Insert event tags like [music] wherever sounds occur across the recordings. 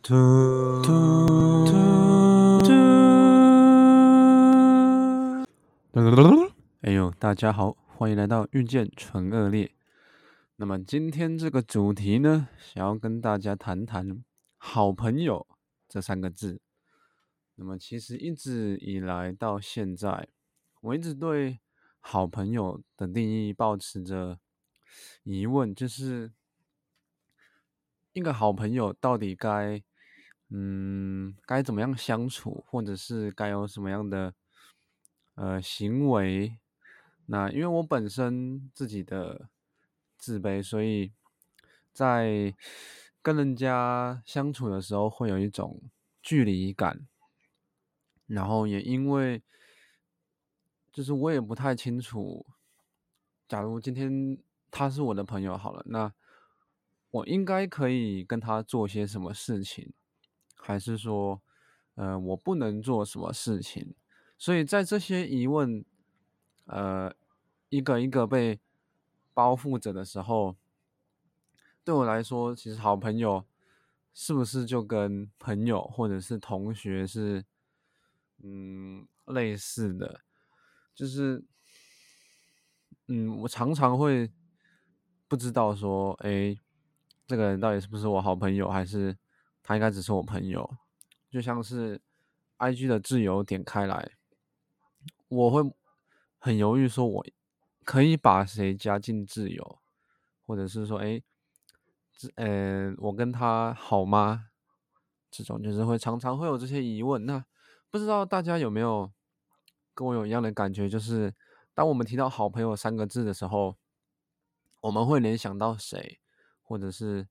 嘟嘟嘟嘟！哎呦，大家好，歡迎來到遇見純惡劣。那麼今天這個主題呢，想要跟大家談談“好朋友”這三個字。那麼其實一直以來到現在，我一直對“好朋友”的定義保持着疑問，就是。一個好朋友到底該，嗯，該怎麼樣相處，或者是該有什麼樣的，呃，行為？那因為我本身自己的自卑，所以在跟人家相處的時候會有一種距離感。然後也因為，就是我也不太清楚，假如今天他是我的朋友好了，那。我應該可以跟他做些什麼事情，還是說，呃，我不能做什麼事情？所以在這些疑問，呃，一個一個被包覆着的時候，對我來說，其實好朋友是不是就跟朋友或者是同學是，嗯，類似的？就是，嗯，我常常會不知道說，哎、欸。這個人到底是不是我好朋友，還是他應該只是我朋友？就像是 IG 的摯友點開來，我會很猶豫，說我可以把誰加進摯友，或者是說，哎，呃，我跟他好嗎？這種就是會常常會有這些疑問。那不知道大家有沒有跟我有一樣的感覺，就是當我們提到好朋友三個字的時候，我們會聯想到誰？或者是，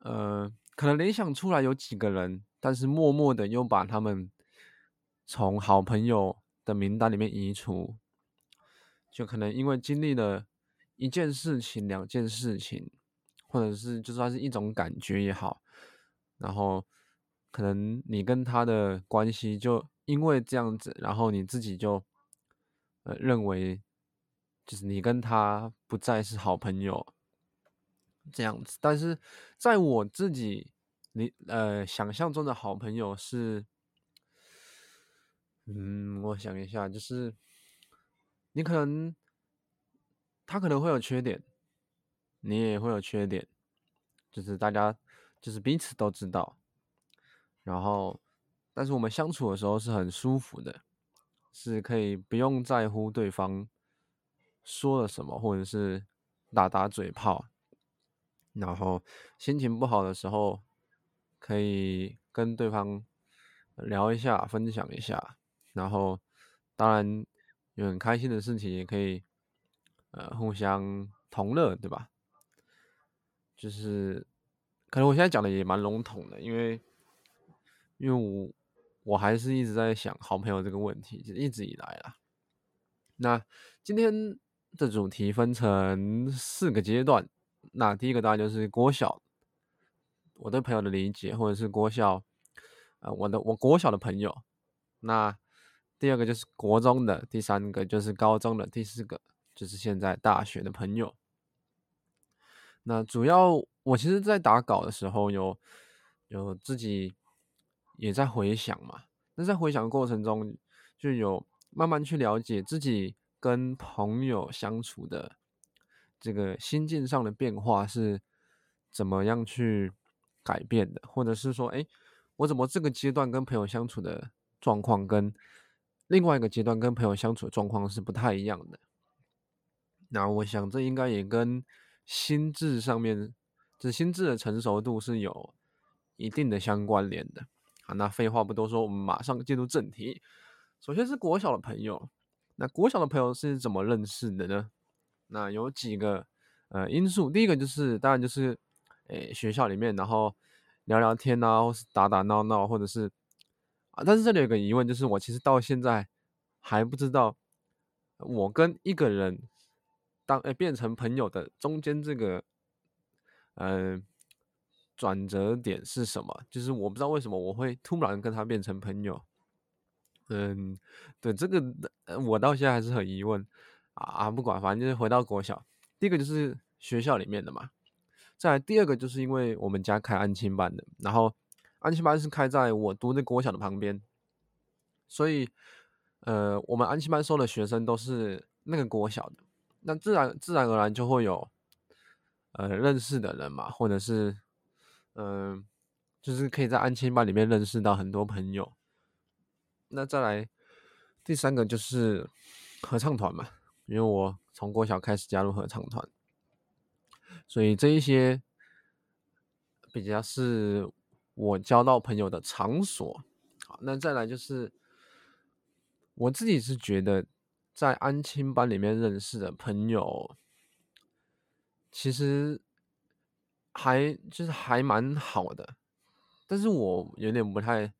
呃，可能聯想出來有幾個人，但是默默的又把他們從好朋友的名單裡面移除，就可能因為經歷了一件事情、兩件事情，或者是就算是一種感覺也好，然後可能你跟他的關係就因為這樣子，然後你自己就呃認為，就是你跟他不再是好朋友。這樣子，但是在我自己你呃想象中的好朋友是，嗯，我想一下，就是你可能他可能會有缺點，你也會有缺點，就是大家就是彼此都知道，然後但是我們相處的時候是很舒服的，是可以不用在乎對方說了什麼，或者是打打嘴炮。然後心情不好的時候，可以跟對方聊一下，分享一下。然後當然有很開心的事情，也可以呃互相同樂，對吧？就是可能我現在講的也蠻籠統的，因為因為我我還是一直在想好朋友這個問題，就一直以來啦。那今天的主題分成四個階段。那第一個當然就是國小，我對朋友的理解，或者是國小，啊、呃，我的我國小的朋友。那第二個就是國中的，第三個就是高中的，第四個就是現在大學的朋友。那主要我其實，在打稿的時候有，有有自己也在回想嘛。那在回想過程中，就有慢慢去了解自己跟朋友相處的。這個心境上的變化是怎麼樣去改變的，或者是說，誒，我怎麼這個階段跟朋友相處的狀況跟另外一個階段跟朋友相處的狀況是不太一樣的？那我想這應該也跟心智上面，這心智的成熟度是有一定的相關聯的。好，那廢話不多說，我們馬上進入正題。首先是國小的朋友，那國小的朋友是怎麼認識的呢？那有幾個呃因素，第一個就是當然就是呃學校裡面，然後聊聊天啊，或是打打鬧鬧，或者是啊，但是這裡有個疑問，就是我其實到現在還不知道我跟一個人當哎變成朋友的中間這個嗯、呃、轉折點是什麼，就是我不知道為什麼我會突然跟他變成朋友，嗯，對這個、呃、我到現在還是很疑問。啊，不管，反正就是回到國小，第一個就是學校裡面的嘛。再來第二個就是因為我們家開安親班的，然後安親班是開在我讀的國小的旁邊，所以呃，我們安親班收的學生都是那個國小的，那自然自然而然就會有呃認識的人嘛，或者是嗯、呃，就是可以在安親班裡面認識到很多朋友。那再來第三個就是合唱團嘛。因為我從國小開始加入合唱團，所以這一些比較是我交到朋友的場所。好，那再來就是我自己是覺得在安親班裡面認識的朋友，其實還就是還蠻好的，但是我有點不太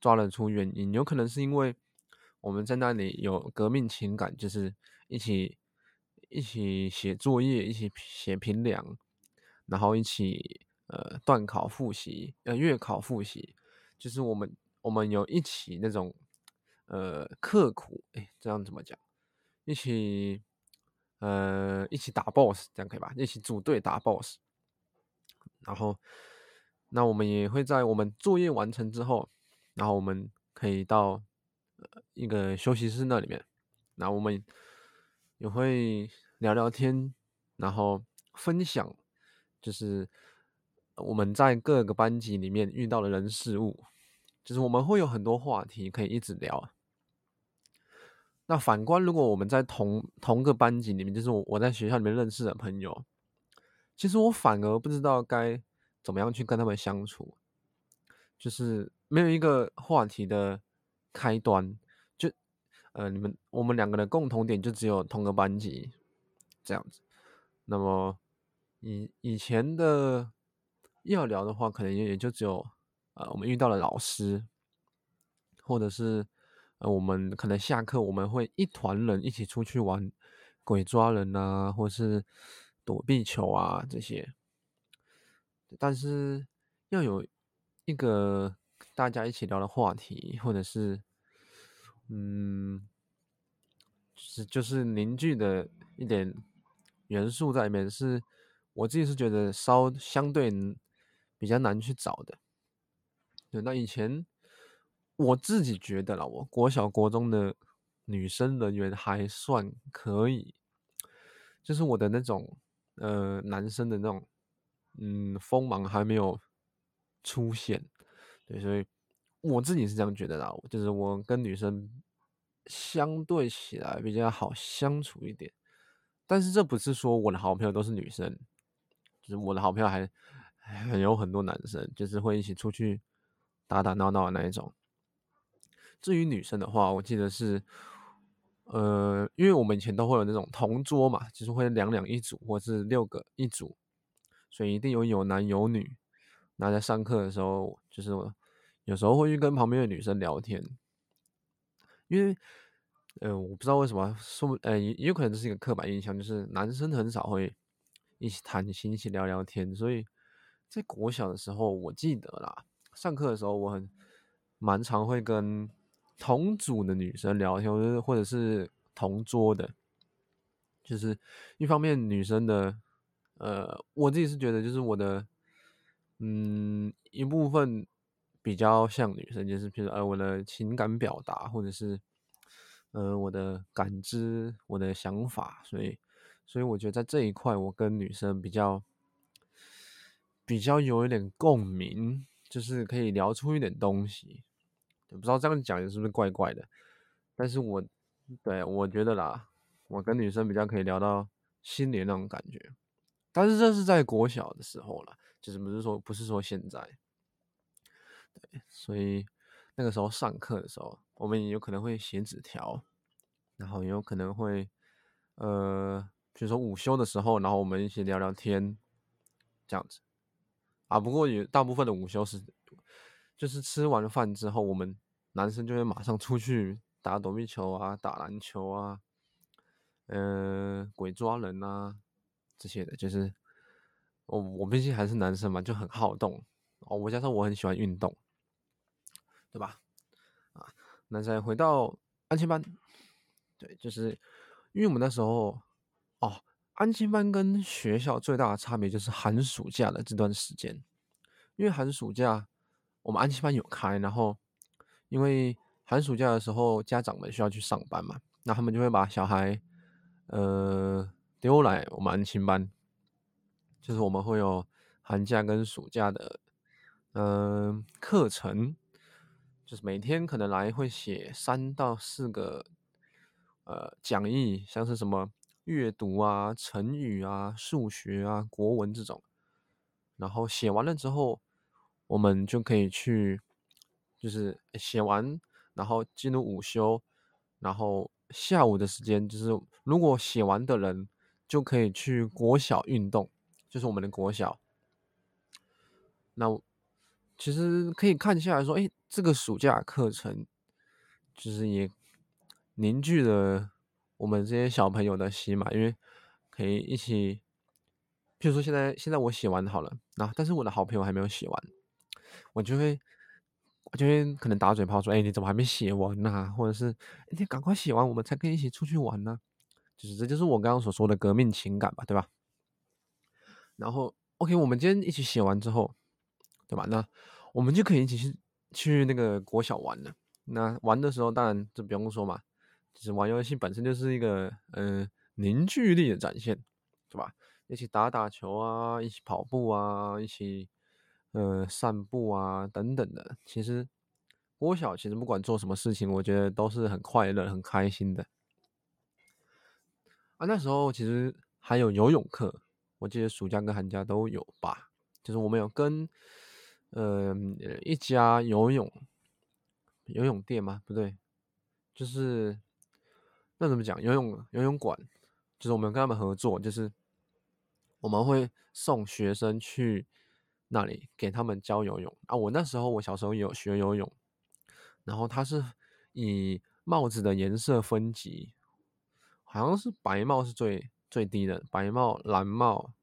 抓得出原因，有可能是因為我們在那裡有革命情感，就是。一起一起寫作業，一起寫評量，然後一起呃段考複習呃月考複習，就是我們我們有一起那種呃刻苦哎這樣怎麼講？一起呃一起打 boss 這樣可以吧？一起組隊打 boss，然後那我們也會在我們作業完成之後，然後我們可以到呃一個休息室那裡面，然後我們。也會聊聊天，然後分享，就是我們在各個班級裡面遇到的人事物，就是我們會有很多話題可以一直聊。那反觀，如果我們在同同個班級裡面，就是我我在學校裡面認識的朋友，其實我反而不知道該怎麼樣去跟他們相處，就是沒有一個話題的開端。呃，你們我們兩個的共同點就只有同個班級這樣子。那麼以以前的要聊的話，可能也就只有，呃，我們遇到了老師，或者是呃我們可能下課我們會一團人一起出去玩鬼抓人吶，啊，或者是躲避球啊這些。但是要有一個大家一起聊的話題，或者是。嗯，就是就是凝聚的一點元素在裡面，是我自己是覺得稍相對比較難去找的。對，那以前我自己覺得啦，我國小國中的女生人緣還算可以，就是我的那種呃男生的那種嗯鋒芒還沒有出現，對，所以。我自己是這樣覺得的啊，就是我跟女生相對起來比較好相處一點，但是這不是說我的好朋友都是女生，就是我的好朋友還很有很多男生，就是會一起出去打打鬧鬧的那一種。至於女生的話，我記得是，呃，因為我們以前都會有那種同桌嘛，就是會兩兩一組或是六個一組，所以一定有有男有女。那在上課的時候，就是我有時候會去跟旁邊的女生聊天，因為，呃，我不知道為什麼，說不，呃，也也有可能是一個刻板印象，就是男生很少會一起談心、一起聊聊天。所以在國小的時候，我記得啦，上課的時候，我很蠻常會跟同組的女生聊天，或者是同桌的，就是一方面女生的，呃，我自己是覺得，就是我的，嗯，一部分。比較像女生，就是比如說，呃，我的情感表達，或者是，呃，我的感知，我的想法，所以，所以我覺得在這一塊，我跟女生比較，比較有一點共鳴，就是可以聊出一點東西。也不知道這樣講是不是怪怪的，但是我，對，我覺得啦，我跟女生比較可以聊到心裡那種感覺，但是這是在國小的時候了，就是不是說，不是說現在。對，所以那個時候上課的時候，我們也有可能會寫紙條，然後也有可能會，呃，比如說午休的時候，然後我們一起聊聊天這樣子啊。不過有大部分的午休是，就是吃完飯之後，我們男生就會馬上出去打躲避球啊，打籃球啊，嗯、呃，鬼抓人吶、啊、這些的。就是我我畢竟還是男生嘛，就很好動哦。我加上我很喜歡運動。對吧？啊，那再回到安親班，對，就是因為我們那時候哦，安親班跟學校最大的差別就是寒暑假的這段時間，因為寒暑假我們安親班有開，然後因為寒暑假的時候家長們需要去上班嘛，那他們就會把小孩呃丟來我們安親班，就是我們會有寒假跟暑假的嗯、呃、課程。就是每天可能來會寫三到四個，呃，講義，像是什麼閱讀啊、成語啊、數學啊、國文這種。然後寫完了之後，我們就可以去，就是寫完，然後進入午休。然後下午的時間，就是如果寫完的人，就可以去國小運動，就是我們的國小。那。其實可以看下來說，哎，這個暑假課程，其實也凝聚了我們這些小朋友的心嘛，因為可以一起，比如說現在現在我寫完好了，那、啊、但是我的好朋友還沒有寫完，我就會，我就會可能打嘴炮說，哎，你怎麼還沒寫完呢？啊？或者是，你趕快寫完，我們才可以一起出去玩呢，啊，就是這就是我剛剛所說的革命情感吧，對吧？然後，OK，我們今天一起寫完之後，對吧？那我們就可以一起去去那個國小玩了。那玩的時候，當然就不用說嘛，其實玩遊戲本身就是一個嗯、呃、凝聚力的展現，對吧？一起打打球啊，一起跑步啊，一起呃散步啊等等的。其實國小其實不管做什麼事情，我覺得都是很快樂、很開心的。啊，那時候其實還有游泳課，我記得暑假跟寒假都有吧，就是我們有跟。嗯、呃，一家游泳游泳店嗎？不對，就是那怎麼講？游泳游泳館，就是我們跟他們合作，就是我們會送學生去那裡給他們教游泳啊。我那時候我小時候有學游泳，然後它是以帽子的顏色分級，好像是白帽是最最低的，白帽、藍帽、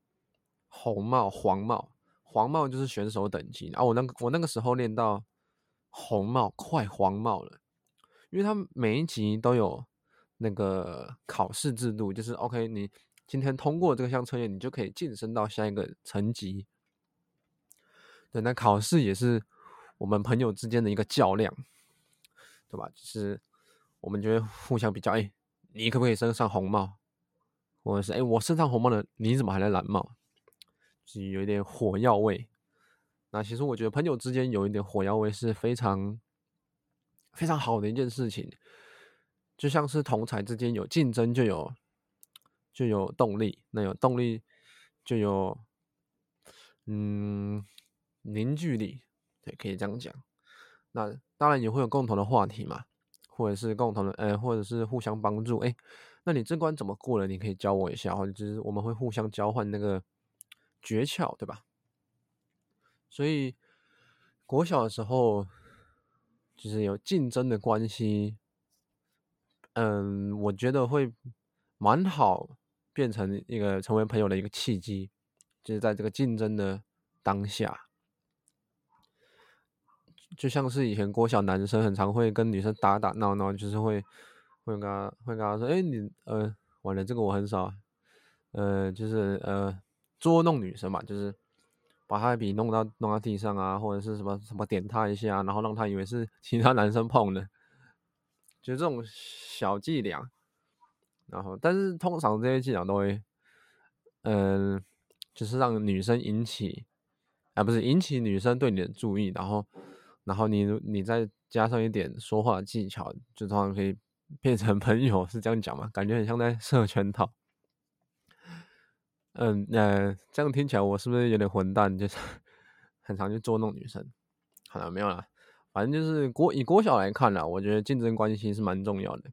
紅帽、黃帽。黃帽就是選手等級啊，我那個我那個時候練到紅帽快黃帽了，因為他們每一級都有那個考試制度，就是 OK，你今天通過這個項測驗，你就可以晉升到下一個層級。對。那考試也是我們朋友之間的一個較量，對吧？就是我們就會互相比較，哎、欸，你可不可以升上紅帽？或者是哎、欸，我升上紅帽了，你怎麼還在藍帽？是有一點火藥味，那其實我覺得朋友之間有一點火藥味是非常非常好的一件事情。就像是同儕之間有競爭就有就有動力，那有動力就有嗯凝聚力，對，可以這樣講。那當然也會有共同的話題嘛，或者是共同的呃，或者是互相幫助。哎、欸，那你這關怎麼過了？你可以教我一下，或者就是我們會互相交換那個。訣竅對吧？所以國小的時候就是有競爭的關係，嗯，我覺得會蠻好，變成一個成為朋友的一個契機，就是在這個競爭的當下，就像是以前國小男生很常會跟女生打打鬧鬧，就是會會跟會跟他說：“哎，你呃，玩的這個我很少，呃，就是呃。”捉弄女生嘛，就是把她的筆弄到弄到地上啊，或者是什麼什麼點她一下，啊，然後讓她以為是其他男生碰的，就這種小伎倆。然後，但是通常這些伎倆都會，嗯、呃，就是讓女生引起，啊、呃，不是引起女生對你的注意，然後，然後你你再加上一點說話的技巧，就通常可以變成朋友，是這樣講嘛？感覺很像在設圈套。嗯，那、呃、這樣聽起來我是不是有點混蛋？就是很常去捉弄女生。好了，沒有了。反正就是國以國小來看啦，我覺得競爭關係是蠻重要的。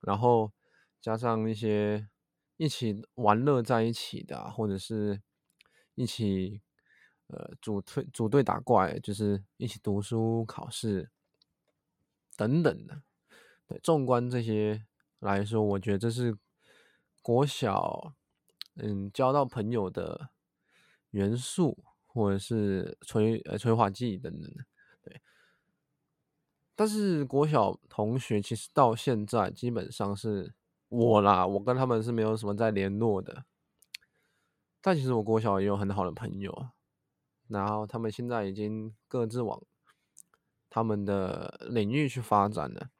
然後加上一些一起玩樂在一起的，或者是一起呃組隊組隊打怪，就是一起讀書考試等等的。對，縱觀這些來說，我覺得這是國小。嗯，交到朋友的元素或者是催呃催化劑等等的，對。但是國小同學其實到現在基本上是我啦，我跟他們是沒有什麼在聯絡的。但其實我國小也有很好的朋友，然後他們現在已經各自往他們的領域去發展了。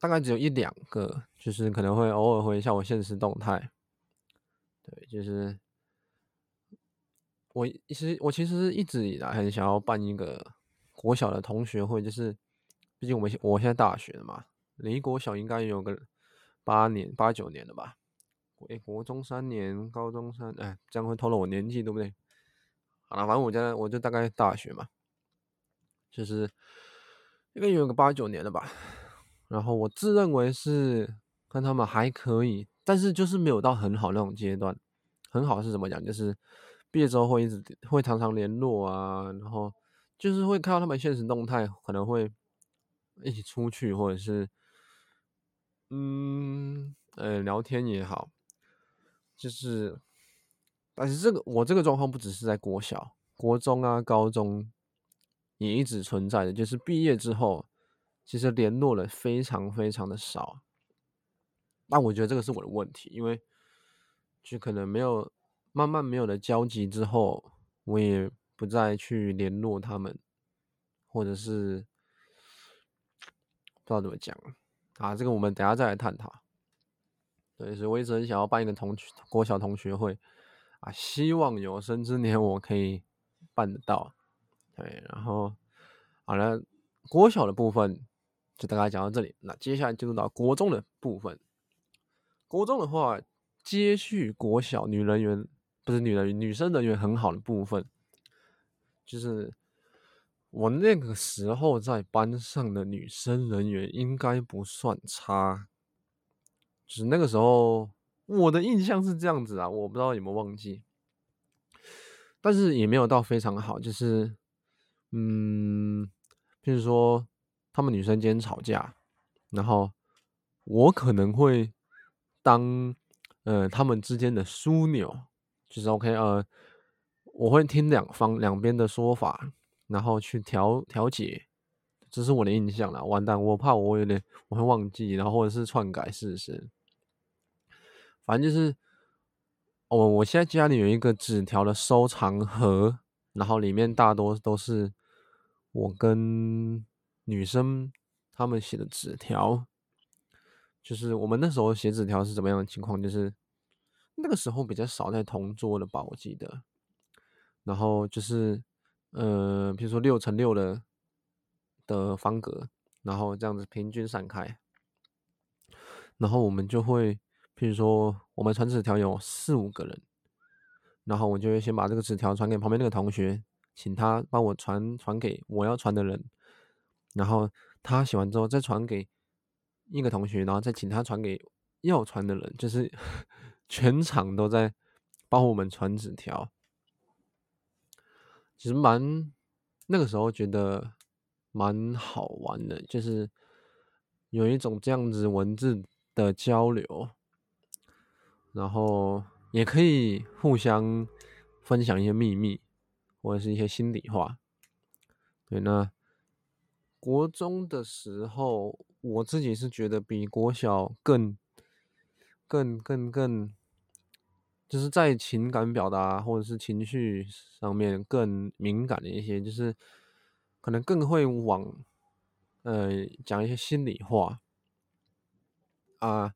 大概只有一兩個，就是可能會偶爾回一下我現實動態，對，就是我其實我其實一直以來很想要辦一個國小的同學會，就是畢竟我們我現在大學了嘛，離國小應該有個八年八九年了吧？誒，國中三年，高中三，哎，這樣會透露我年紀，對不對？好了，反正我家我就大概大學嘛，就是應該有個八九年了吧。然後我自認為是跟他們還可以，但是就是沒有到很好那種階段。很好是怎麼講？就是畢業之後會一直會常常聯絡啊，然後就是會看到他們限時動態，可能會一起出去，或者是嗯呃聊天也好，就是。但是這個我這個狀況不只是在國小、國中啊、高中也一直存在的，就是畢業之後。其實聯絡了非常非常的少，但我覺得這個是我的問題，因為就可能沒有慢慢沒有了交集之後，我也不再去聯絡他們，或者是不知道怎麼講啊，這個我們等下再來探討。對，所以我一直很想要辦一個同學國小同學會啊，希望有生之年我可以辦得到。對，然後好了，啊，國小的部分。就大概講到這裡，那接下來進入到國中的部分。國中的話，接續國小，女人緣不是女人緣，女生人緣很好的部分，就是我那個時候在班上的女生人緣應該不算差，就是那個時候我的印象是這樣子啊，我不知道有沒有忘記，但是也沒有到非常好，就是嗯，譬如說。他們女生間吵架，然後我可能會當呃他們之間的樞紐，就是 OK 呃，我會聽兩方兩邊的說法，然後去調調解，這是我的印象了。完蛋，我怕我有點我會忘記，然後或者是篡改事實，反正就是我、哦、我現在家裡有一個紙條的收藏盒，然後裡面大多都是我跟。女生他們寫的紙條，就是我們那時候寫紙條是怎麼樣的情況？就是那個時候比較少在同桌了吧，我記得。然後就是，呃，比如說六乘六的的方格，然後這樣子平均散開。然後我們就會，比如說我們傳紙條有四五個人，然後我就會先把這個紙條傳給旁邊那個同學，請他幫我傳傳給我要傳的人。然後他寫完之後再傳給一個同學，然後再請他傳給要傳的人，就是全場都在幫我們傳紙條。其實蠻那個時候覺得蠻好玩的，就是有一種這樣子文字的交流，然後也可以互相分享一些秘密，或者是一些心裡話。對呢，那。國中的時候，我自己是覺得比國小更、更、更、更，就是在情感表達或者是情緒上面更敏感的一些，就是可能更會往，呃，講一些心裡話啊，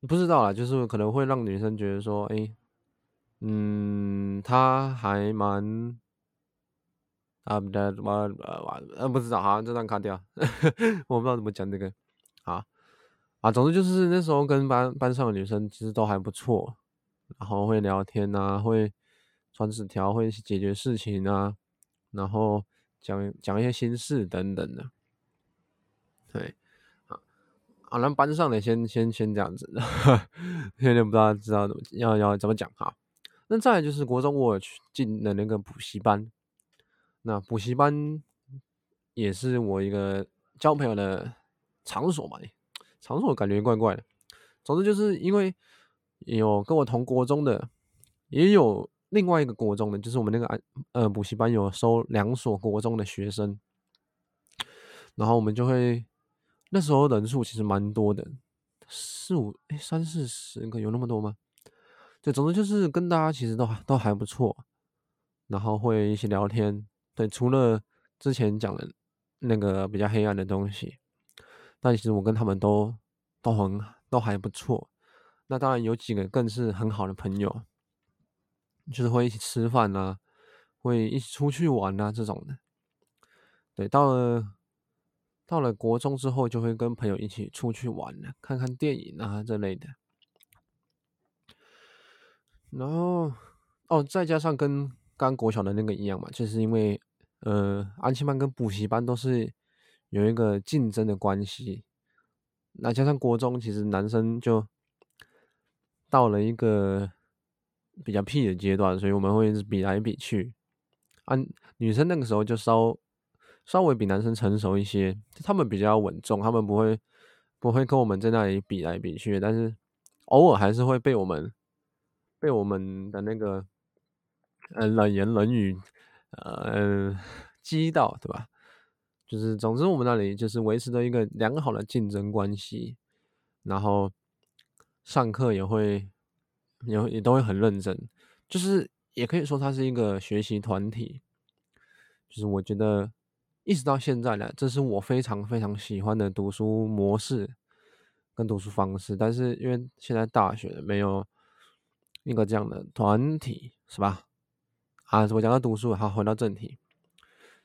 不知道啦，就是可能會讓女生覺得說，誒、欸，嗯，他還蠻。啊，不，呃，不知道哈，不知道啊、這張卡掉呵呵，我不知道怎麼講這個，啊啊，總之就是那時候跟班班上的女生其實都還不錯，然後會聊天吶、啊，會傳紙條，會解決事情啊，然後講講一些心事等等的，對，啊啊，那班上的先先先這樣子，有點不知道知道怎麼要要怎麼講哈，那再來就是國中我去進的那個補習班。那補習班也是我一個交朋友的場所嘛，場所感覺怪怪的。總之就是因為有跟我同國中的，也有另外一個國中的，就是我們那個呃，補習班有收兩所國中的學生，然後我們就會那時候人數其實蠻多的，四五哎、欸、三四十個，有那麼多嗎？就總之就是跟大家其實都都還不錯，然後會一起聊天。對，除了之前講的，那個比較黑暗的東西，但其實我跟他們都都很都還不錯。那當然有幾個更是很好的朋友，就是會一起吃飯啊，會一起出去玩啊這種的。對，到了到了國中之後，就會跟朋友一起出去玩，看看電影啊這類的。然後哦，再加上跟剛剛國小的那個一樣嘛，就是因為。呃，安親班跟補習班都是有一個競爭的關係。那加上國中，其實男生就到了一個比較屁的階段，所以我們會一直比來比去。啊，女生那個時候就稍稍微比男生成熟一些，他們比較穩重，他們不會不會跟我們在那裡比來比去，但是偶爾還是會被我們被我們的那個呃冷言冷語呃，激到對吧？就是總之，我們那裡就是維持着一個良好的競爭關係，然後上課也會，也會，也都會很認真，就是也可以說它是一個學習團體。就是我覺得一直到現在呢，這是我非常非常喜歡的讀書模式跟讀書方式。但是因為現在大學沒有一個這樣的團體，是吧？啊，我講到讀書，好，回到正題，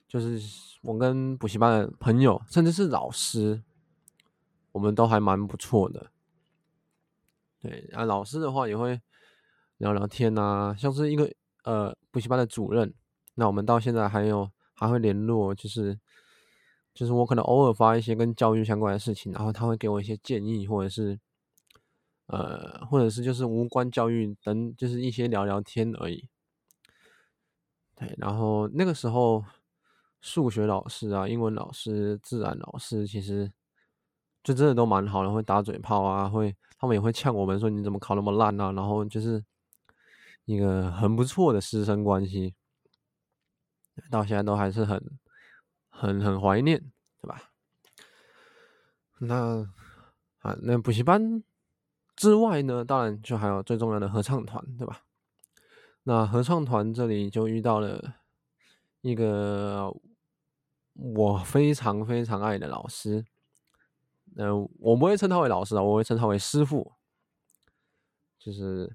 就是我跟補習班的朋友，甚至是老師，我們都還蠻不錯的。對啊，老師的話也會聊聊天吶、啊，像是一個呃補習班的主任，那我們到現在還有還會聯絡，就是就是我可能偶爾發一些跟教育相關的事情，然後他會給我一些建議，或者是呃，或者是就是無關教育等，就是一些聊聊天而已。對，然後那個時候，數學老師啊、英文老師、自然老師，其實就真的都蠻好的，會打嘴炮啊，會他們也會嗆我們說你怎麼考那麼爛啊，然後就是一個很不錯的師生關係，到現在都還是很很很懷念，對吧？那啊，那補習班之外呢，當然就還有最重要的合唱團，對吧？那合唱團這裡就遇到了一個我非常非常愛的老師，嗯、呃，我不會稱他為老師啊，我會稱他為師傅，就是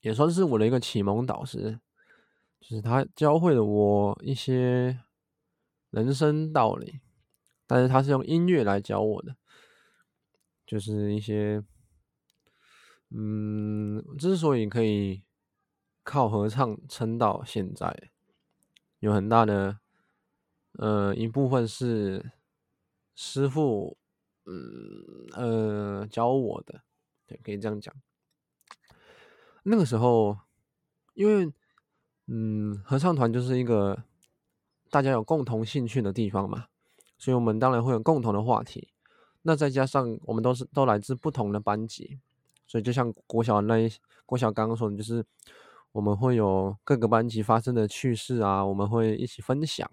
也算是我的一個啟蒙導師，就是他教會了我一些人生道理，但是他是用音樂來教我的，就是一些，嗯，之所以可以。靠合唱撐到現在，有很大的，呃，一部分是師傅，嗯，呃，教我的，對，可以這樣講。那個時候，因為，嗯，合唱團就是一個大家有共同興趣的地方嘛，所以我們當然會有共同的話題。那再加上我們都是都來自不同的班級，所以就像國小那國小剛剛說的，就是。我們會有各個班級發生的趣事啊，我們會一起分享。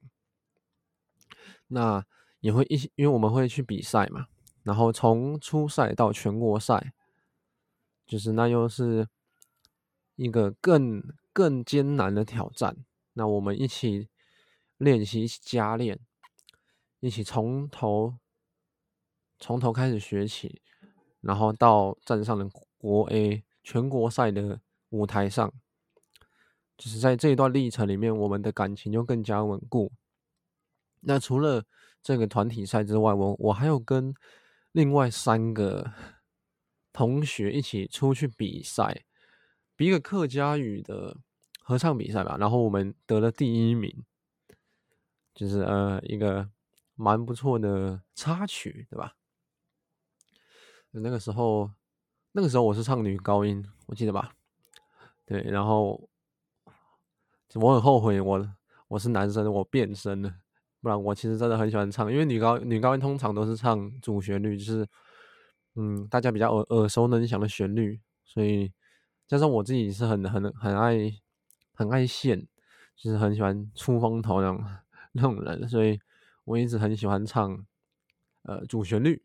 那也會一起，因為我們會去比賽嘛。然後從初賽到全國賽，就是那又是一個更更艱難的挑戰。那我們一起練習，一起加練，一起從頭從頭開始學起，然後到站上了國 A 全國賽的舞台上。就是在這一段歷程裡面，我們的感情就更加穩固。那除了這個團體賽之外，我我還有跟另外三個同學一起出去比賽，比一個客家語的合唱比賽吧，然後我們得了第一名，就是呃一個蠻不錯的插曲，對吧？那個時候，那個時候我是唱女高音，我記得吧？對，然後。我很後悔我，我我是男生，我變聲了。不然我其實真的很喜歡唱，因為女高女高音通常都是唱主旋律，就是嗯，大家比較耳耳熟能詳的旋律。所以加上我自己是很很很愛很愛現，就是很喜歡出風頭那種那種人，所以我一直很喜歡唱呃主旋律。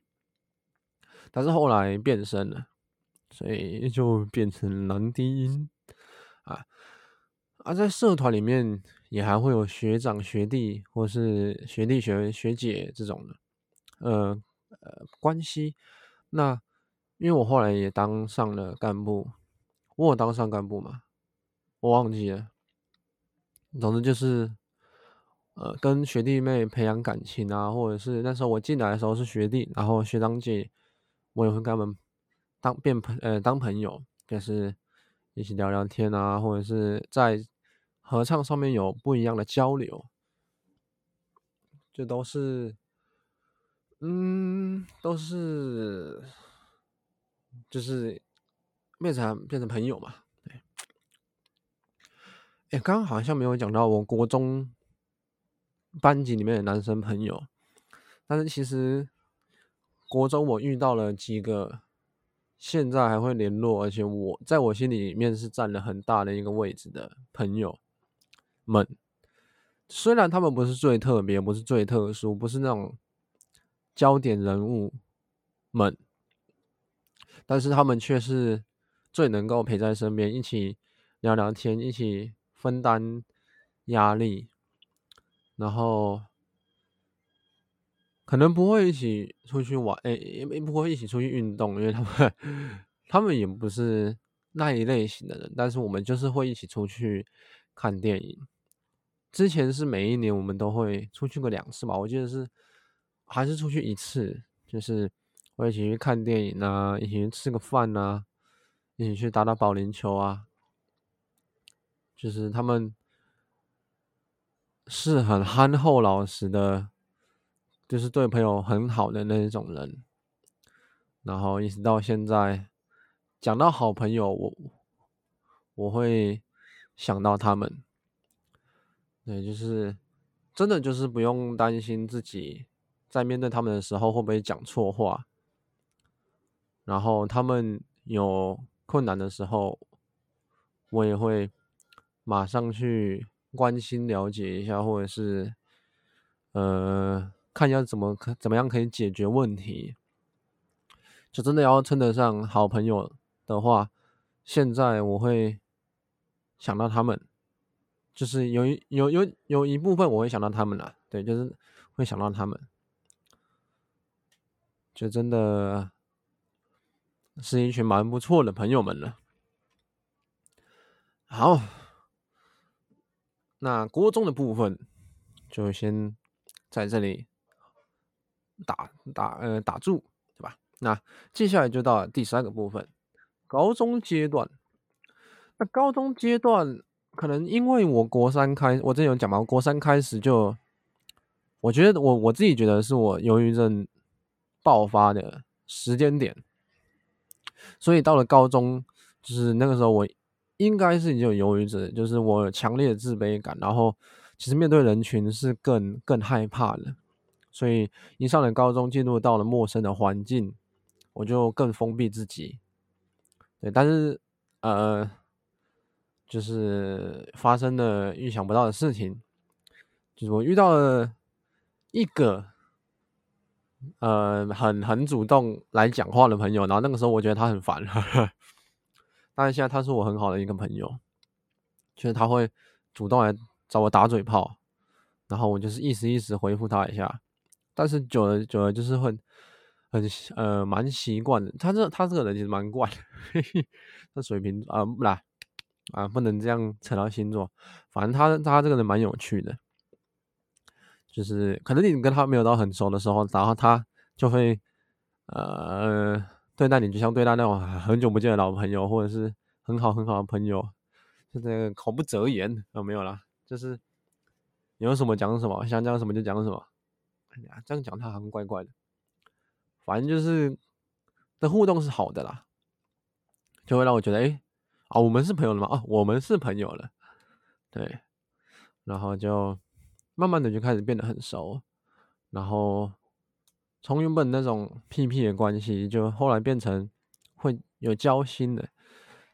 但是後來變聲了，所以就變成男低音啊。而、啊、在社團裡面，也還會有學長學弟，或是學弟學學姐這種的，呃呃關係。那因為我後來也當上了幹部，我有當上幹部嘛，我忘記了。總之就是，呃，跟學弟妹培養感情啊，或者是那時候我進來的時候是學弟，然後學長姐，我也會跟他們當變朋呃當朋友，就是一起聊聊天啊，或者是在。合唱上面有不一樣的交流，這都是，嗯，都是，就是妹子變，變成朋友嘛。對。哎、欸，剛剛好像沒有講到我國中班級裡面的男生朋友，但是其實國中我遇到了幾個，現在還會聯絡，而且我在我心裡面是占了很大的一個位置的朋友。們雖然他們不是最特別，不是最特殊，不是那種焦點人物們，但是他們卻是最能夠陪在身邊，一起聊聊天，一起分擔壓力，然後可能不會一起出去玩，誒、欸，也不會一起出去運動，因為他們他們也不是那一類型的人，但是我們就是會一起出去看電影。之前是每一年我們都會出去過兩次吧，我記得是還是出去一次，就是會一起去看電影啊，一起去吃個飯啊，一起去打打保齡球啊，就是他們是很憨厚老實的，就是對朋友很好的那一種人，然後一直到現在，講到好朋友，我我會想到他們。對，就是真的，就是不用擔心自己在面對他們的時候會不會講錯話。然後他們有困難的時候，我也會馬上去關心了解一下，或者是呃，看一下怎麼可怎麼樣可以解決問題。就真的要稱得上好朋友的話，現在我會想到他們。就是有一有有有一部分我會想到他們了，啊，對，就是會想到他們，就真的是一群蠻不錯的朋友們了。好，那國中的部分就先在這裡打打呃打住，對吧？那接下來就到第三個部分，高中階段。那高中階段。可能因為我國三開，我之前有講嘛，國三開始就，我覺得我我自己覺得是我憂鬱症爆發的時間點，所以到了高中，就是那個時候我應該是已經有憂鬱症，就是我有強烈的自卑感，然後其實面對人群是更更害怕的，所以一上了高中，進入到了陌生的環境，我就更封閉自己，對，但是呃。就是發生了預想不到的事情，就是我遇到了一個嗯、呃、很很主動來講話的朋友，然後那個時候我覺得他很煩， [laughs] 但是現在他是我很好的一個朋友，就是他會主動來找我打嘴炮，然後我就是一時一時回復他一下，但是久了久了就是會很，很呃蠻習慣的，他這他這個人其實蠻慣的，嘿嘿，他水平啊不啦。呃來啊，不能這樣扯到星座。反正他他這個人蠻有趣的，就是可能你跟他沒有到很熟的時候，然後他就會呃對待你，就像對待那種很久不見的老朋友，或者是很好很好的朋友，就是、那個口不擇言。啊，沒有啦，就是有什麼講什麼，想講什麼就講什麼。哎呀，這樣講他很怪怪的。反正就是的互動是好的啦，就會讓我覺得哎。誒啊，我們是朋友了嗎？哦、啊，我們是朋友了，對。然後就慢慢的就開始變得很熟，然後從原本那種屁屁的關係，就後來變成會有交心的，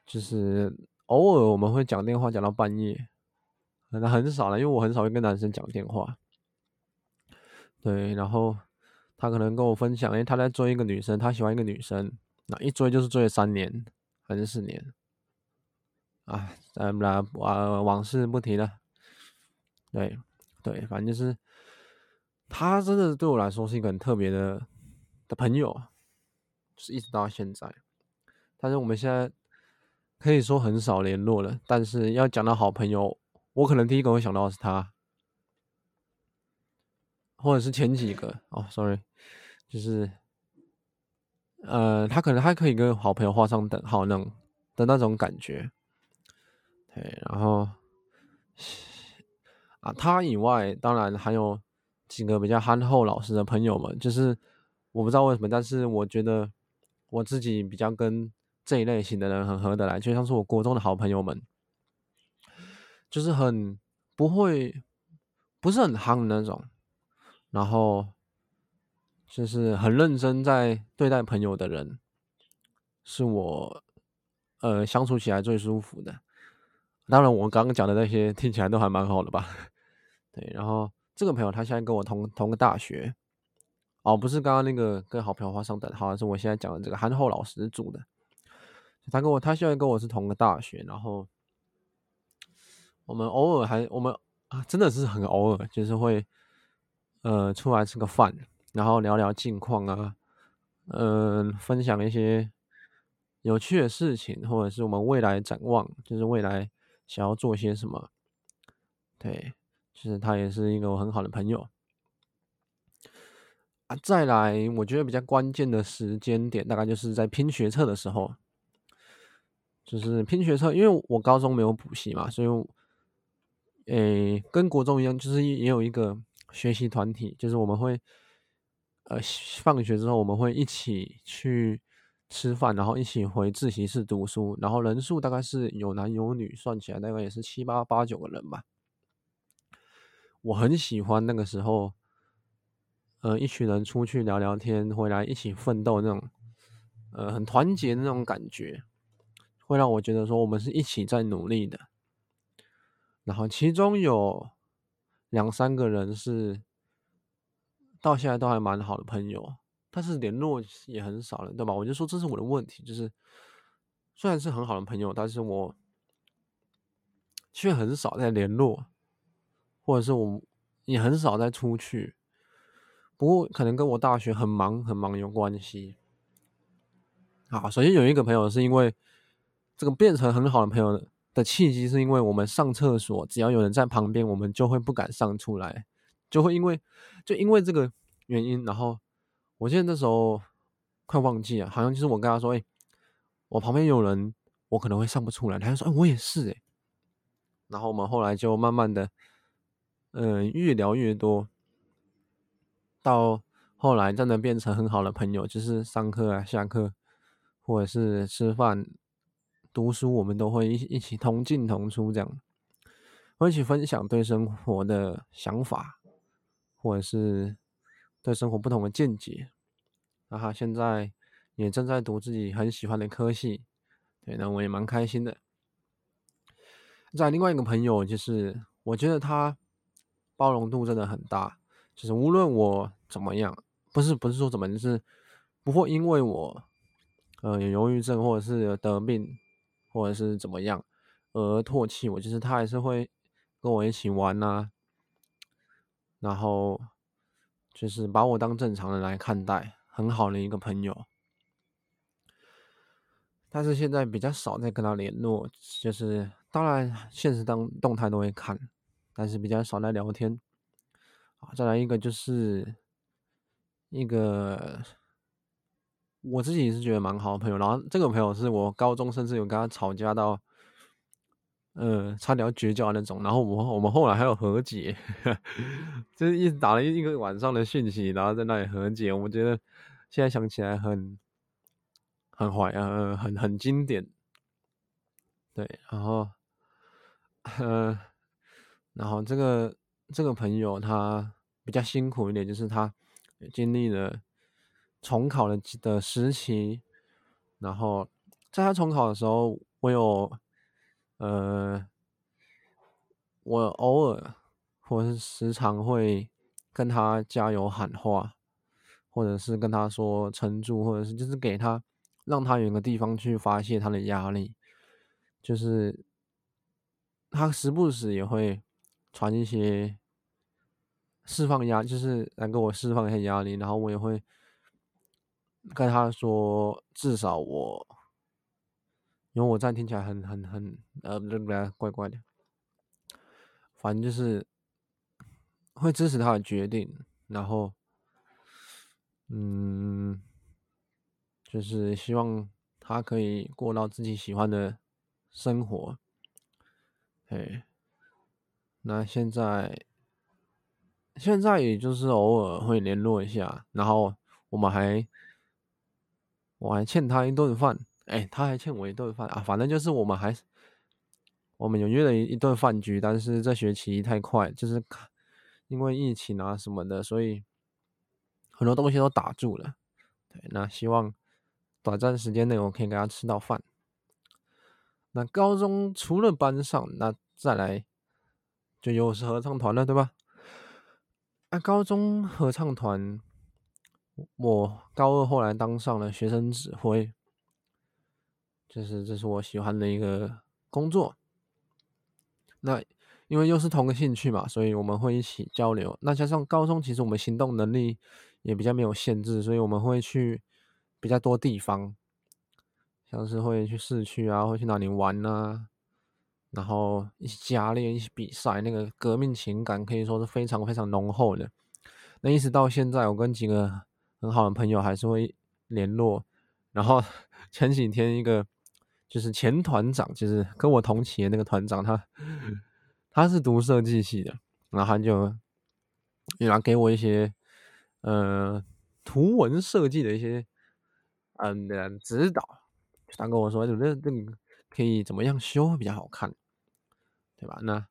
就是偶爾我們會講電話，講到半夜，那很少了，因為我很少會跟男生講電話。對，然後他可能跟我分享，誒、欸、他在追一個女生，他喜歡一個女生，那一追就是追了三年，還是四年。啊，咱們倆往往事不提了。對，對，反正就是他真的對我來說，是一個很特別的的朋友，就是一直到現在。但是我們現在可以說很少聯絡了。但是要講到好朋友，我可能第一個會想到的是他，或者是前幾個哦，sorry，就是呃，他可能還可以跟好朋友畫上等號那種的那種感覺。對，然後啊，他以外，當然還有幾個比較憨厚老實的朋友們。就是我不知道為什麼，但是我覺得我自己比較跟這一類型的人很合得來，就像是我國中的好朋友們，就是很不會，不是很憨的那種，然後就是很認真在對待朋友的人，是我呃相處起來最舒服的。當然，我剛剛講的那些聽起來都還蠻好的吧？對，然後這個朋友他現在跟我同同個大學，哦，不是剛剛那個跟好朋友花生的，好像是我現在講的這個憨厚老實組的。他跟我，他現在跟我，我是同個大學，然後我們偶爾還我們啊，真的是很偶爾，就是會呃出來吃個飯，然後聊聊近況啊，嗯，分享一些有趣的事情，或者是我們未來展望，就是未來。想要做些什麼？對，其實他也是一個我很好的朋友啊。再來，我覺得比較關鍵的時間點，大概就是在拼學測的時候，就是拼學測，因為我高中沒有補習嘛，所以，誒，跟國中一樣，就是也有一個學習團體，就是我們會，呃，放學之後我們會一起去。吃飯，然後一起回自習室讀書，然後人數大概是有男有女，算起來大概也是七八八九個人吧。我很喜歡那個時候，呃，一群人出去聊聊天，回來一起奮鬥那種，呃，很團結的那種感覺，會讓我覺得說我們是一起在努力的。然後其中有兩三個人是到現在都還蠻好的朋友。但是聯絡也很少了，對吧？我就說這是我的問題，就是雖然是很好的朋友，但是我卻很少在聯絡，或者是我也很少在出去。不過可能跟我大學很忙很忙有關係。好，首先有一個朋友是因為這個變成很好的朋友的契機，是因為我們上廁所，只要有人在旁邊，我們就會不敢上出來，就會因為，就因為這個原因，然後。我記得那時候快忘記啊，好像就是我跟他說：“欸，我旁邊有人，我可能會上不出來。”他就說：“欸，我也是哎。”然後我們後來就慢慢的，嗯，越聊越多，到後來真的變成很好的朋友，就是上課啊、下課，或者是吃飯、讀書，我們都會一一起同進同出這樣，會一起分享對生活的想法，或者是對生活不同的見解。他現在也正在讀自己很喜歡的科系，對，那我也蠻開心的。再另外一個朋友，就是我覺得他包容度真的很大，就是無論我怎麼樣，不是不是說怎麼樣，就是不會因為我，呃，有憂鬱症或者是得病或者是怎麼樣而唾棄我，就是他還是會跟我一起玩啊，然後就是把我當正常人來看待。很好的一個朋友，但是現在比較少在跟他聯絡，就是當然現實當動態都會看，但是比較少來聊天。啊，再來一個就是一個我自己也是覺得蠻好的朋友，然後這個朋友是我高中甚至有跟他吵架到。嗯、呃，差點要絕交、啊、那種，然後我們我們後來還有和解，呵呵，就是一直打了一個晚上的訊息，然後在那裡和解。我覺得現在想起來很很懷、啊，呃，很很經典。對，然後，呃，然後這個這個朋友他比較辛苦一點，就是他經歷了重考的的時期，然後在他重考的時候，我有。呃，我偶爾或者是時常會跟他加油喊話，或者是跟他說撐住，或者是就是給他讓他有個地方去發洩他的壓力，就是他時不時也會傳一些釋放壓，就是來給我釋放一下壓力，然後我也會跟他說，至少我。因為我這樣聽起來很很很，呃，這個怪怪的。反正就是會支持他的決定，然後，嗯，就是希望他可以過到自己喜歡的生活。哎，那現在，現在也就是偶爾會聯絡一下，然後我們還，我還欠他一頓飯。哎、欸，他還欠我一頓飯啊！反正就是我們還我們有約了一一頓飯局，但是這學期太快，就是看因為疫情啊什麼的，所以很多東西都打住了。對，那希望短暫時間內我可以給他吃到飯。那高中除了班上，那再來就又是合唱團了，對吧？啊，高中合唱團，我高二後來當上了學生指揮。就是這是我喜歡的一個工作，那因為又是同個興趣嘛，所以我們會一起交流。那加上高中，其實我們行動能力也比較沒有限制，所以我們會去比較多地方，像是會去市區啊，會去哪裡玩吶，啊，然後一起加練、一起比賽，那個革命情感可以說是非常非常濃厚的。那一直到現在，我跟幾個很好的朋友還是會聯絡。然後前幾天一個就是前團長，就是跟我同期的那個團長他，他他是讀設計系的，然後他就原來給我一些呃圖文設計的一些嗯的指導，他跟我說，就這這個可以怎麼樣修比較好看，對吧？那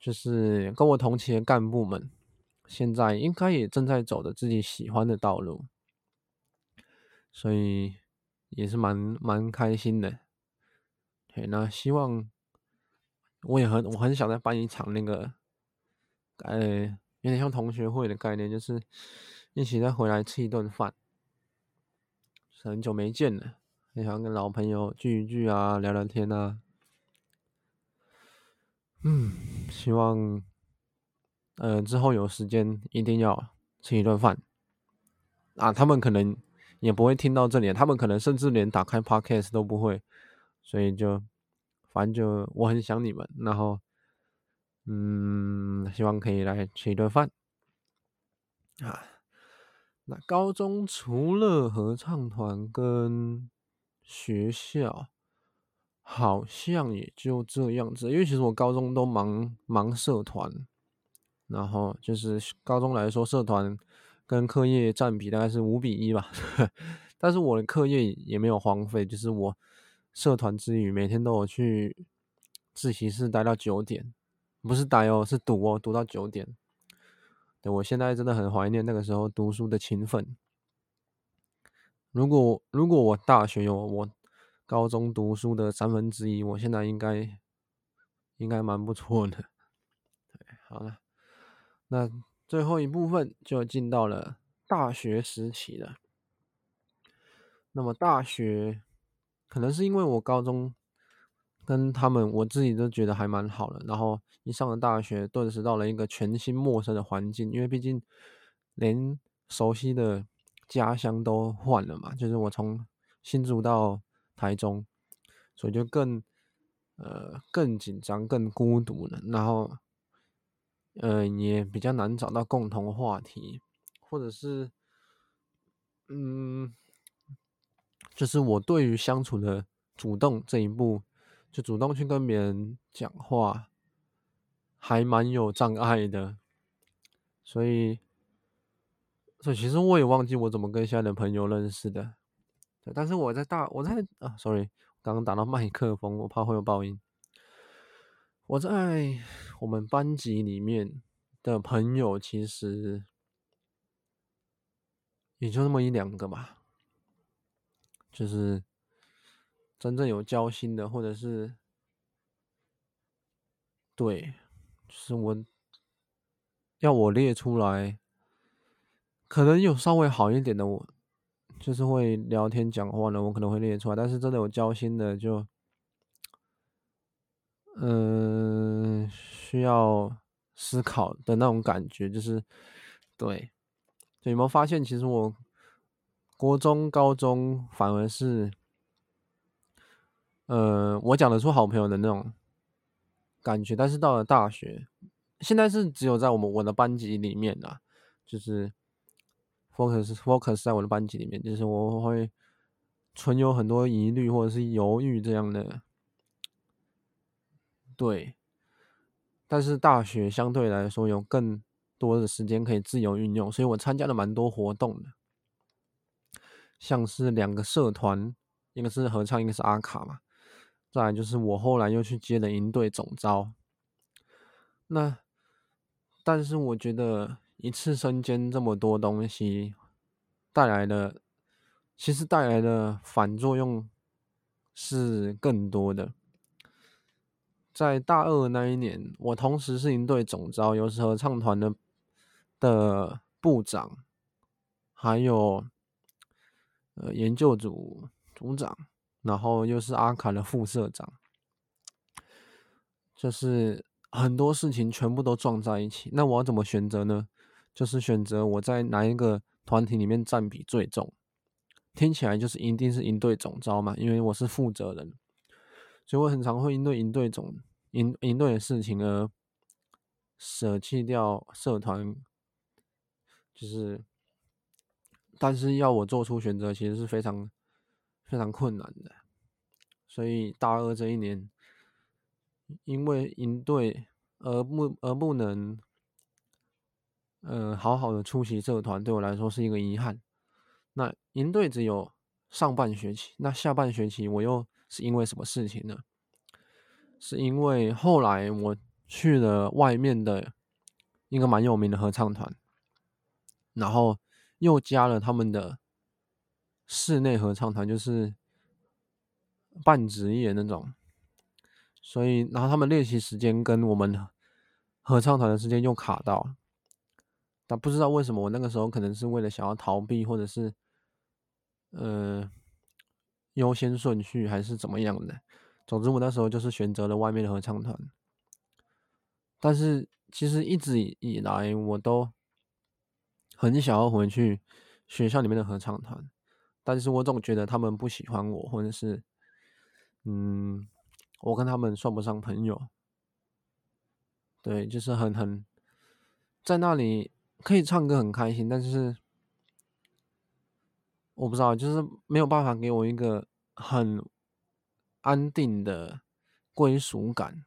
就是跟我同期的幹部們，現在應該也正在走着自己喜歡的道路，所以也是蠻蠻開心的。Hey, 那希望我也很我很想再辦一場那個，呃、欸，有點像同學會的概念，就是一起再回來吃一頓飯，很久沒見了，很想跟老朋友聚一聚啊，聊聊天啊。嗯，希望呃之後有時間一定要吃一頓飯。啊，他們可能也不會聽到這裡，他們可能甚至連打開 Podcast 都不會。所以就，反正就我很想你們，然後，嗯，希望可以來吃一頓飯。啊，那高中除了合唱團跟學校，好像也就這樣子。因為其實我高中都忙忙社團，然後就是高中來說，社團跟課業占比大概是五比一吧，呵呵。但是我的課業也沒有荒廢，就是我。社團之餘，每天都有去自習室待到九點，不是待哦、喔，是讀哦、喔，讀到九點。對，我現在真的很懷念那個時候讀書的勤奮。如果如果我大學有我高中讀書的三分之一，我現在應該應該蠻不錯的。對，好了，那最後一部分就進到了大學時期了。那麼大學。可能是因為我高中跟他們，我自己都覺得還蠻好的。然後一上了大學，頓時到了一個全新陌生的環境，因為畢竟連熟悉的家鄉都換了嘛，就是我從新竹到台中，所以就更呃更緊張、更孤獨了。然後，嗯、呃，也比較難找到共同話題，或者是嗯。就是我對於相處的主動這一步，就主動去跟別人講話，還蠻有障礙的。所以，所以其實我也忘記我怎麼跟現在的朋友認識的。對，但是我在大，我在，啊，sorry，剛剛打到麥克風，我怕會有爆音。我在我們班級裡面的朋友，其實也就那麼一兩個吧。就是真正有交心的，或者是對，是我要我列出來，可能有稍微好一點的，我就是會聊天講話的，我可能會列出來。但是真的有交心的，就嗯、呃，需要思考的那種感覺，就是對，就有沒有發現，其實我。國中、高中反而是，呃，我講得出好朋友的那種感覺。但是到了大學，現在是只有在我們我的班級裡面啦，啊，就是 focus focus 在我的班級裡面，就是我會存有很多疑慮或者是猶豫這樣的。對，但是大學相對來說有更多的時間可以自由運用，所以我參加了蠻多活動的。像是兩個社團，一個是合唱，一個是阿卡嘛。再來就是我後來又去接了營隊總召。那，但是我覺得一次身兼這麼多東西帶來的，其實帶來的反作用是更多的。在大二那一年，我同時是營隊總召，又是合唱團的的部長，還有。呃，研究組組長，然後又是阿卡的副社長，就是很多事情全部都撞在一起，那我要怎麼選擇呢？就是選擇我在哪一個團體裡面佔比最重。聽起來就是一定是營隊總召嘛，因為我是負責人，所以我很常會因為營隊總、營、營隊的事情而捨棄掉社團，就是。但是要我做出選擇，其實是非常非常困難的。所以大二這一年，因為營隊而不而不能，呃，好好的出席社團，對我來說是一個遺憾。那營隊只有上半學期，那下半學期我又是因為什麼事情呢？是因為後來我去了外面的一個蠻有名的合唱團，然後。又加了他們的室內合唱團，就是半職業那種，所以然後他們練習時間跟我們合唱團的時間又卡到，但不知道為什麼我那個時候可能是為了想要逃避，或者是呃優先順序還是怎麼樣的，總之我那時候就是選擇了外面的合唱團，但是其實一直以來我都。很想要回去學校裡面的合唱團，但是我總覺得他們不喜歡我，或者是，嗯，我跟他們算不上朋友。對，就是很很在那裡可以唱歌很開心，但是我不知道，就是沒有辦法給我一個很安定的歸屬感，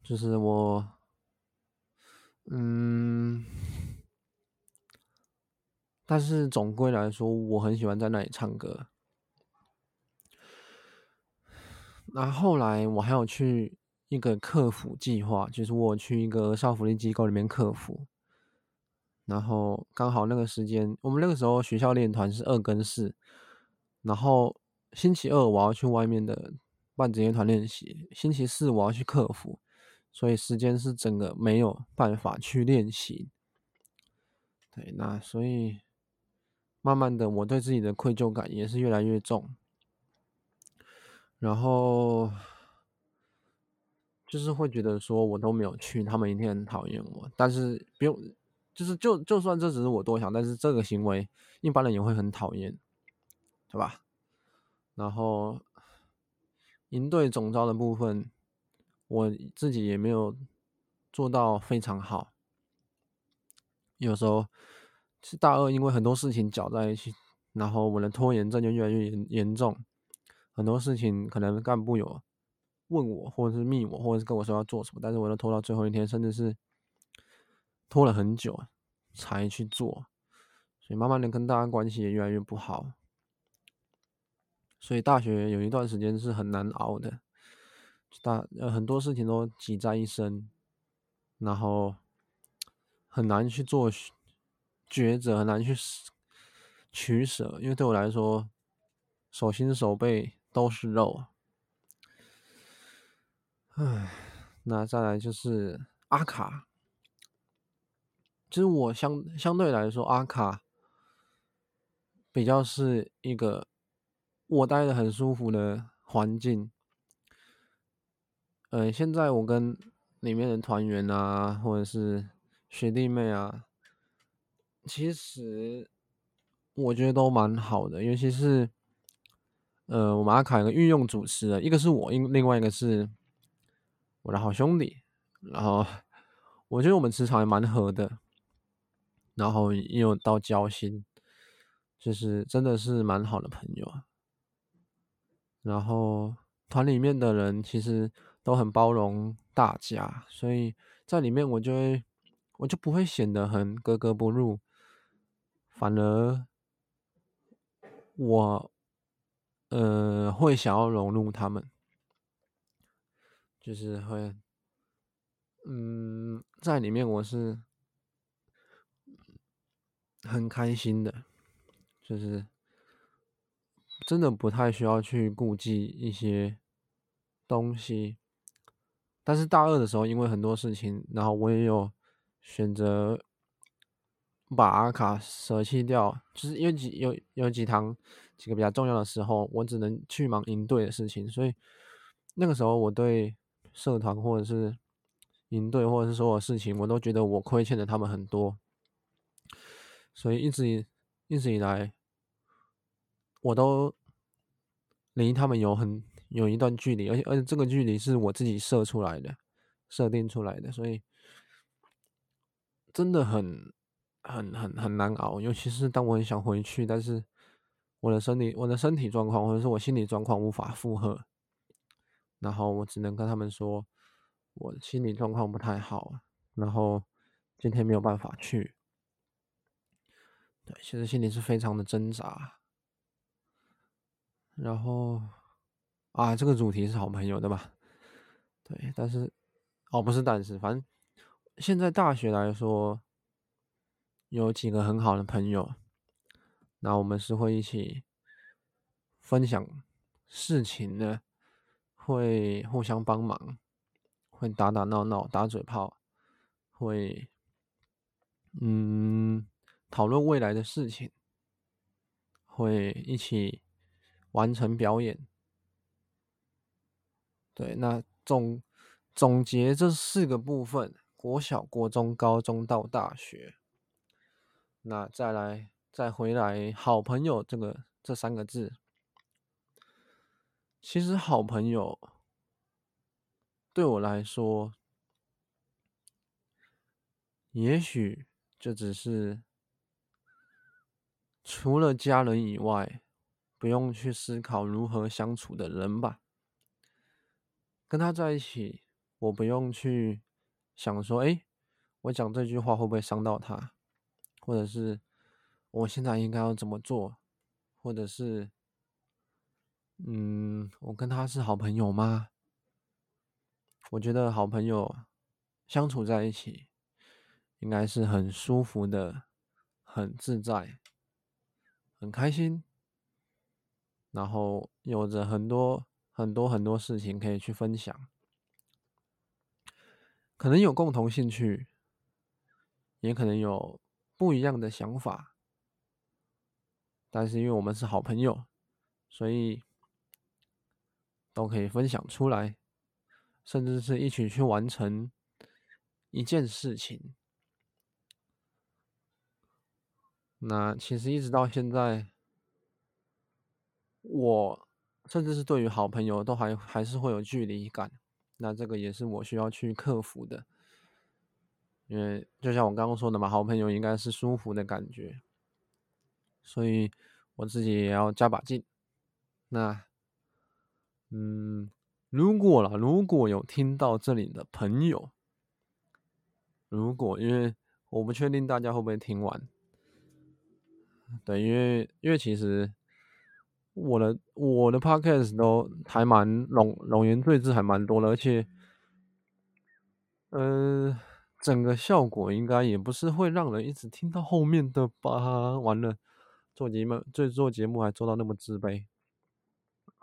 就是我，嗯。但是總歸來說，我很喜歡在那裡唱歌。那後來我還有去一個客服計劃，就是我去一個校福利機構裡面客服。然後剛好那個時間，我們那個時候學校練團是二跟四，然後星期二我要去外面的半職業團練習，星期四我要去客服，所以時間是整個沒有辦法去練習。對，那所以。慢慢的，我對自己的愧疚感也是越來越重，然後就是會覺得說我都沒有去，他們一定很討厭我。但是，不用，就是就就算這只是我多想，但是這個行為一般人也會很討厭，對吧？然後應對總召的部分，我自己也沒有做到非常好，有時候。是大二，因為很多事情攪在一起，然後我的拖延症就越來越嚴嚴重。很多事情可能幹部有問我，或者是密我，或者是跟我說要做什麼，但是我都拖到最後一天，甚至是拖了很久才去做。所以慢慢的跟大家關係也越來越不好。所以大學有一段時間是很難熬的，大，呃，很多事情都擠在一身，然後很難去做。抉擇很難去取捨，因為對我來說，手心手背都是肉。唉，那再來就是阿卡，其實，我相相對來說，阿卡比較是一個我待的很舒服的環境。呃，現在我跟裡面的團員啊，或者是學弟妹啊。其實我覺得都蠻好的，尤其是，呃，我們阿凱的御用主持人，一個是我，另另外一個是我的好兄弟，然後我覺得我們磁場也蠻合的，然後也有到交心，就是真的是蠻好的朋友啊。然後團裡面的人其實都很包容大家，所以在裡面我就會，我就不會顯得很格格不入。反而，我，呃，會想要融入他們，就是會，嗯，在裡面我是很開心的，就是真的不太需要去顧忌一些東西。但是大二的時候，因為很多事情，然後我也有選擇。把阿卡捨棄掉，就是因為幾有有幾堂幾個比較重要的時候，我只能去忙營隊的事情，所以那個時候我對社團或者是營隊或者是所有事情，我都覺得我虧欠了他們很多，所以一直以一直以來我都離他們有很有一段距離，而且而且這個距離是我自己設出來的設定出來的，所以真的很。很很很難熬，尤其是當我很想回去，但是我的身體、我的身體狀況，或者是我心理狀況無法負荷，然後我只能跟他們說，我的心理狀況不太好，然後今天沒有辦法去。對，其實心裡是非常的掙扎。然後，啊，這個主題是好朋友的吧？對，但是，哦，不是但是，反正現在大學來說。有幾個很好的朋友，那我們是會一起分享事情呢，會互相幫忙，會打打鬧鬧、打嘴炮，會嗯討論未來的事情，會一起完成表演。對，那總總結這四個部分：國小、國中、高中到大學。那再來，再回來，好朋友這個這三個字，其實好朋友對我來說，也許這只是除了家人以外，不用去思考如何相處的人吧。跟他在一起，我不用去想說，誒，我講這句話會不會傷到他？或者是我現在應該要怎麼做？或者是，嗯，我跟他是好朋友嗎？我覺得好朋友相處在一起，應該是很舒服的，很自在，很開心，然後有着很多很多很多事情可以去分享，可能有共同興趣，也可能有。不一樣的想法，但是因為我們是好朋友，所以都可以分享出來，甚至是一起去完成一件事情。那其實一直到現在，我甚至是對於好朋友都還還是會有距離感，那這個也是我需要去克服的。因為就像我剛剛說的嘛，好朋友應該是舒服的感覺，所以我自己也要加把勁。那，嗯，如果了，如果有聽到這裡的朋友，如果因為我不確定大家會不會聽完，對，因為因為其實我的我的 podcast 都還蠻冗，冗言贅字還蠻多的，而且，嗯、呃。整個效果應該也不是會讓人一直聽到後面的吧？完了，做節目，最做節目還做到那麼自卑。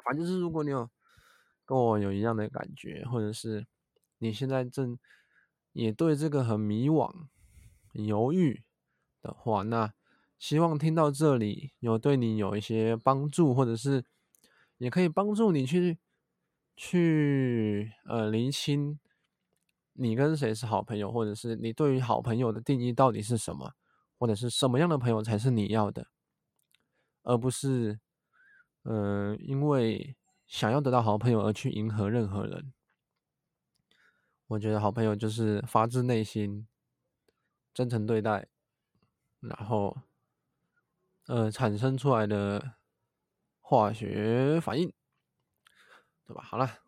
反正是，如果你有跟我有一樣的感覺，或者是你現在正也對這個很迷惘、很猶豫的話，那希望聽到這裡有對你有一些幫助，或者是也可以幫助你去去呃釐清。你跟誰是好朋友，或者是你對於好朋友的定義到底是什麼，或者是什麼樣的朋友才是你要的，而不是，呃，因為想要得到好朋友而去迎合任何人。我覺得好朋友就是發自內心、真誠對待，然後，呃，產生出來的化學反應，對吧？好了。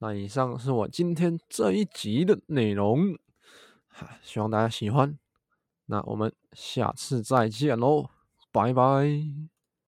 那以上是我今天這一集的內容，哈，希望大家喜歡。那我們下次再見嘍，拜拜。